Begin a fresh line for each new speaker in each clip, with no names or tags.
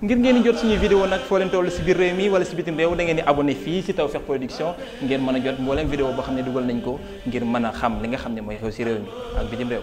ngir ngeen di jot suñuy vidéo nag foo leen toll si biir réew mi wala si bitim réew da ngeen di abonné fii si Tawfekh Production ngeen mën a jot mbooleem vidéo boo xam ne dugal nañ ko ngir mën a xam li nga xam ne mooy xew si réew mi ak bitim réew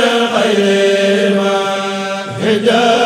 خير
ما هداه